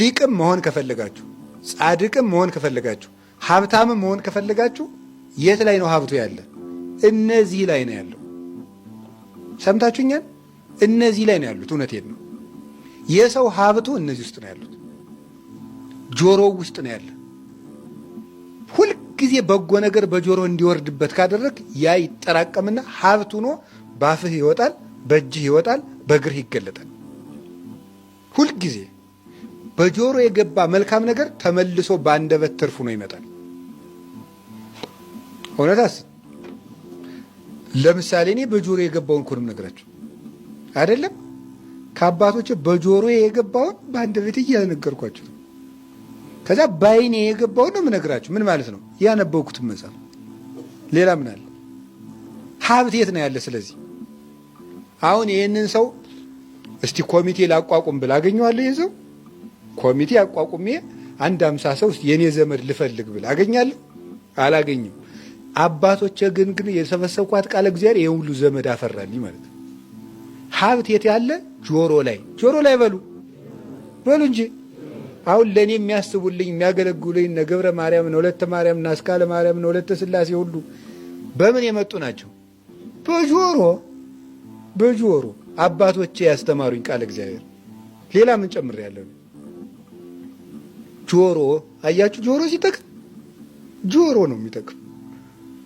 ሊቅም መሆን ከፈለጋችሁ፣ ጻድቅም መሆን ከፈለጋችሁ፣ ሀብታምም መሆን ከፈለጋችሁ የት ላይ ነው ሀብቱ ያለ? እነዚህ ላይ ነው ያለው። ሰምታችሁኛል? እነዚህ ላይ ነው ያሉት። እውነቴን ነው። የሰው ሀብቱ እነዚህ ውስጥ ነው ያሉት። ጆሮው ውስጥ ነው ያለ። ሁልጊዜ በጎ ነገር በጆሮ እንዲወርድበት ካደረግ ያ ይጠራቀምና ሀብት ሆኖ ባፍህ ይወጣል፣ በእጅህ ይወጣል፣ በእግርህ ይገለጣል ሁልጊዜ በጆሮ የገባ መልካም ነገር ተመልሶ በአንደበት ትርፉ ነው ይመጣል። እውነታስ ለምሳሌ እኔ በጆሮ የገባውን እኮ ነው የምነግራቸው አይደለም ከአባቶች በጆሮ የገባውን በአንደበት እያነገርኳቸው ነው። ከዛ በዓይኔ የገባውን ነው የምነግራቸው። ምን ማለት ነው? ያነበብኩትን መጽሐፍ። ሌላ ምን አለ? ሀብት የት ነው ያለ? ስለዚህ አሁን ይህንን ሰው እስቲ ኮሚቴ ላቋቁም ብላ አገኘዋለሁ ይህ ሰው ኮሚቴ አቋቁሜ አንድ አምሳ ሰው የኔ ዘመድ ልፈልግ ብል አገኛለሁ? አላገኝም። አባቶች ግን ግን የሰበሰብኳት ቃለ እግዚአብሔር ይህን ሁሉ ዘመድ አፈራልኝ ማለት ነው። ሀብት የት ያለ? ጆሮ ላይ ጆሮ ላይ በሉ በሉ እንጂ አሁን ለእኔ የሚያስቡልኝ የሚያገለግሉኝ እነ ገብረ ማርያም እነ ወለተ ማርያም እና አስካለ ማርያም እነ ስላሴ ሁሉ በምን የመጡ ናቸው? በጆሮ በጆሮ አባቶቼ ያስተማሩኝ ቃለ እግዚአብሔር ሌላ ምን ጨምሬያለሁ? ጆሮ አያችሁ፣ ጆሮ ሲጠቅም ጆሮ ነው የሚጠቅም።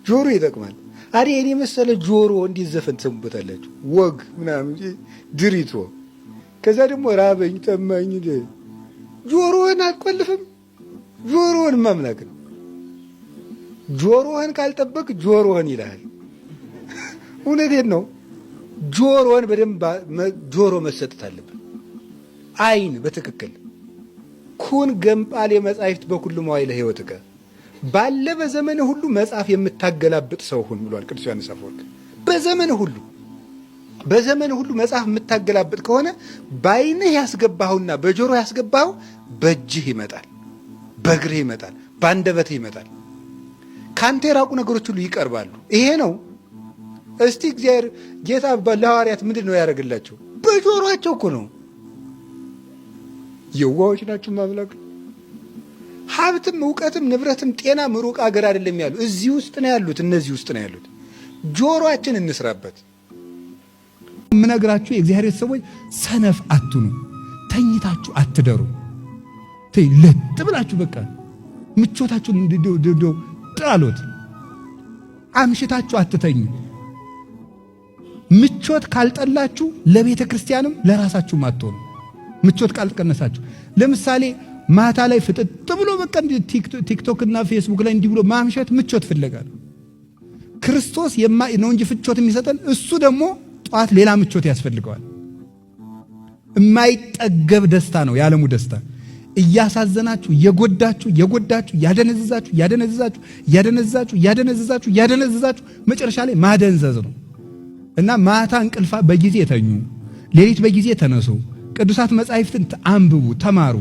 ጆሮ ይጠቅማል። አሬ እኔ መሰለ ጆሮ እንዴት ዘፈን ትሰሙበታላችሁ? ወግ ምናምን ድሪቶ። ከዛ ደግሞ ራበኝ ጠማኝ። ጆሮህን አትቆልፍም። ጆሮህን ማምላክ ነው። ጆሮህን ካልጠበቅ ጆሮህን ይልሃል። እውነቴን ነው። ጆሮን በደንብ ጆሮ መሰጠት አለብን። አይን በትክክል ኩን ገምጳሌ የመጻሕፍት በኩሉ መዋዕለ ሕይወትከ ባለ በዘመን ሁሉ መጽሐፍ የምታገላብጥ ሰው ሁን ብሏል ቅዱስ ዮሐንስ አፈወርቅ። በዘመን ሁሉ በዘመን ሁሉ መጽሐፍ የምታገላብጥ ከሆነ በዓይንህ ያስገባኸውና በጆሮ ያስገባኸው በእጅህ ይመጣል፣ በእግርህ ይመጣል፣ በአንደበትህ ይመጣል። ከአንተ የራቁ ነገሮች ሁሉ ይቀርባሉ። ይሄ ነው። እስቲ እግዚአብሔር ጌታ ለሐዋርያት ምንድን ነው ያደረግላቸው? በጆሮቸው እኮ ነው የዋዎች ናቸው ማምላክ ሀብትም እውቀትም ንብረትም ጤናም ሩቅ አገር አይደለም ያሉ እዚህ ውስጥ ነው ያሉት። እነዚህ ውስጥ ነው ያሉት። ጆሮአችን እንስራበት። የምነግራችሁ የእግዚአብሔር ሰዎች ሰነፍ አትኑ፣ ተኝታችሁ አትደሩ። ለጥ ብላችሁ በቃ ምቾታችሁን እንድዶ ጥላሎት አምሽታችሁ አትተኙ። ምቾት ካልጠላችሁ ለቤተ ክርስቲያንም ለራሳችሁም አትሆኑ። ምቾት ቃል ቀነሳችሁ። ለምሳሌ ማታ ላይ ፍጥጥ ብሎ በቃ ቲክቶክ እና ፌስቡክ ላይ እንዲህ ብሎ ማምሸት ምቾት ፍለጋ ነው። ክርስቶስ ነው እንጂ ፍቾት የሚሰጠን እሱ ደግሞ ጠዋት ሌላ ምቾት ያስፈልገዋል። የማይጠገብ ደስታ ነው የዓለሙ ደስታ። እያሳዘናችሁ እየጎዳችሁ የጎዳችሁ ያደነዘዛችሁ ያደነዘዛችሁ ያደነዘዛችሁ ያደነዘዛችሁ ያደነዘዛችሁ መጨረሻ ላይ ማደንዘዝ ነው እና ማታ እንቅልፋ በጊዜ ተኙ፣ ሌሊት በጊዜ ተነሱ። ቅዱሳት መጻሕፍትን አንብቡ፣ ተማሩ።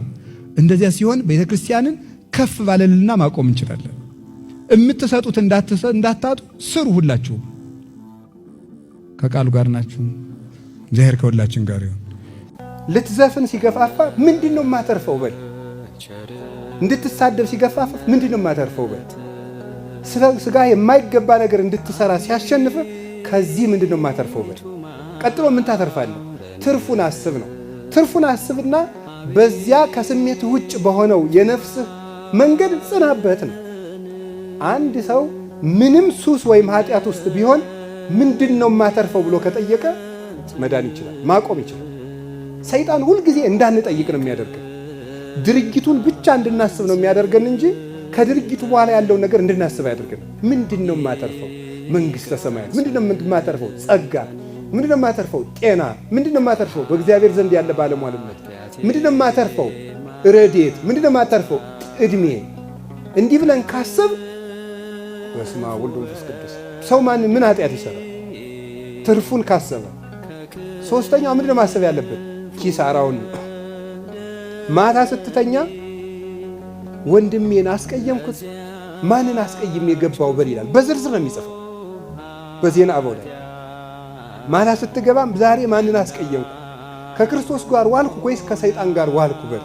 እንደዚያ ሲሆን ቤተ ክርስቲያንን ከፍ ባለልና ማቆም እንችላለን። የምትሰጡት እንዳታጡ ስሩ። ሁላችሁ ከቃሉ ጋር ናችሁ። እግዚአብሔር ከሁላችን ጋር ይሁን። ልትዘፍን ሲገፋፋ ምንድን ነው የማተርፈው በል። እንድትሳደብ ሲገፋፋ ምንድን ነው የማተርፈው በል። ስጋ የማይገባ ነገር እንድትሰራ ሲያሸንፍ ከዚህ ምንድን ነው የማተርፈው በል። ቀጥሎ ምን ታተርፋለህ? ትርፉን አስብ ነው። ትርፉን አስብና በዚያ ከስሜት ውጭ በሆነው የነፍስህ መንገድ ጽናበት ነው። አንድ ሰው ምንም ሱስ ወይም ኃጢአት ውስጥ ቢሆን ምንድን ነው የማተርፈው ብሎ ከጠየቀ መዳን ይችላል፣ ማቆም ይችላል። ሰይጣን ሁልጊዜ እንዳንጠይቅ ነው የሚያደርገን። ድርጊቱን ብቻ እንድናስብ ነው የሚያደርገን እንጂ ከድርጊቱ በኋላ ያለውን ነገር እንድናስብ አያደርገን። ምንድን ነው የማተርፈው? መንግሥተ ሰማያት። ምንድን ነው የማተርፈው? ጸጋ ምንድነው የማተርፈው? ጤና። ምንድነው የማተርፈው? በእግዚአብሔር ዘንድ ያለ ባለሟልነት። ምንድነው የማተርፈው? ረዴት። ምንድነው የማተርፈው? እድሜ። እንዲህ ብለን ካሰብ በስመ አብ ወወልድ ወመንፈስ ቅዱስ ሰው ማን ምን ኃጢአት ይሰራል? ትርፉን ካሰበ። ሶስተኛው ምንድነው ማሰብ ያለበት? ኪሳራውን። ማታ ስትተኛ ወንድሜን አስቀየምኩት፣ ማንን አስቀይም የገባው በል ይላል። በዝርዝር ነው የሚጽፈው በዜና አበው ላይ ማታ ስትገባም ዛሬ ማንን አስቀየምኩ? ከክርስቶስ ጋር ዋልኩ ወይስ ከሰይጣን ጋር ዋልኩ? በል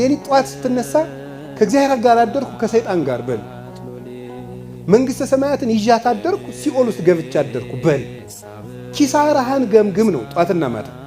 ሌሊት ጠዋት ስትነሳ ከእግዚአብሔር ጋር አደርኩ ከሰይጣን ጋር በል። መንግሥተ ሰማያትን ይዣት አደርኩ ሲኦል ውስጥ ገብቻ አደርኩ በል። ኪሳራህን ገምግም ነው ጠዋትና ማታ